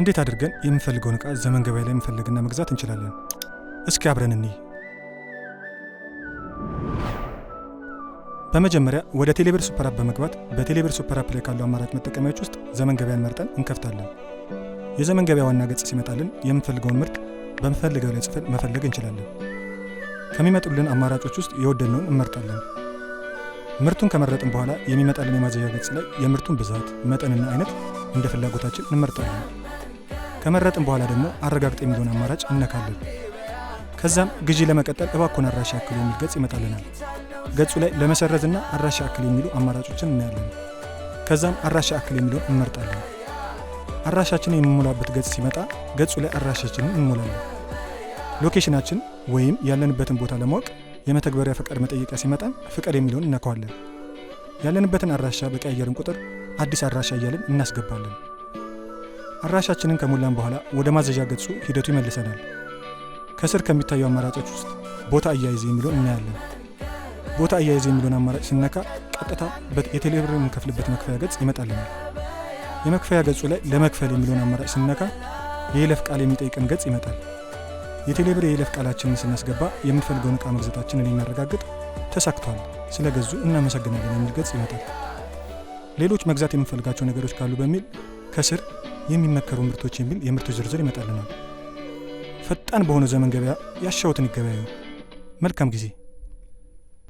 እንዴት አድርገን የምንፈልገውን እቃ ዘመን ገበያ ላይ መፈለግና መግዛት እንችላለን? እስኪ አብረን እንይ። በመጀመሪያ ወደ ቴሌብር ሱፐር አፕ በመግባት በቴሌብር ሱፐር አፕ ላይ ካሉ አማራጭ መጠቀሚያዎች ውስጥ ዘመን ገበያን መርጠን እንከፍታለን። የዘመን ገበያ ዋና ገጽ ሲመጣልን የምንፈልገውን ምርት በምፈልገው ላይ ጽፈን መፈለግ እንችላለን። ከሚመጡልን አማራጮች ውስጥ የወደድነውን እንመርጣለን። ምርቱን ከመረጥን በኋላ የሚመጣልን የማዘዣ ገጽ ላይ የምርቱን ብዛት፣ መጠንና አይነት እንደ ፍላጎታችን እንመርጣለን። ከመረጥን በኋላ ደግሞ አረጋግጠ የሚለውን አማራጭ እነካለን። ከዛም ግዢ ለመቀጠል እባኮን አድራሻ ያክሉ የሚል ገጽ ይመጣልናል። ገጹ ላይ ለመሰረዝና አድራሻ ያክል የሚሉ አማራጮችን እናያለን። ከዛም አድራሻ ያክል የሚለውን እንመርጣለን። አድራሻችንን የምንሞላበት ገጽ ሲመጣ ገጹ ላይ አድራሻችንን እንሞላለን። ሎኬሽናችን ወይም ያለንበትን ቦታ ለማወቅ የመተግበሪያ ፈቃድ መጠየቂያ ሲመጣ ፍቃድ የሚለውን እነካዋለን። ያለንበትን አድራሻ በቀያየርን ቁጥር አዲስ አድራሻ እያለን እናስገባለን። አድራሻችንን ከሞላን በኋላ ወደ ማዘዣ ገጹ ሂደቱ ይመልሰናል። ከስር ከሚታዩ አማራጮች ውስጥ ቦታ አያይዘ የሚለውን እናያለን። ቦታ አያይዘ የሚለውን አማራጭ ሲነካ ቀጥታ የቴሌብር የምንከፍልበት መክፈያ ገጽ ይመጣልናል። የመክፈያ ገጹ ላይ ለመክፈል የሚለውን አማራጭ ሲነካ የይለፍ ቃል የሚጠይቅን ገጽ ይመጣል። የቴሌብር የይለፍ ቃላችንን ስናስገባ የምንፈልገውን ዕቃ መግዛታችንን የሚያረጋግጥ ተሳክቷል፣ ስለ ገዙ እናመሰግናለን የሚል ገጽ ይመጣል። ሌሎች መግዛት የምንፈልጋቸው ነገሮች ካሉ በሚል ከስር የሚመከሩ ምርቶች የሚል የምርቶች ዝርዝር ይመጣልናል። ፈጣን በሆነ ዘመን ገበያ ያሻውትን ይገበያዩ። መልካም ጊዜ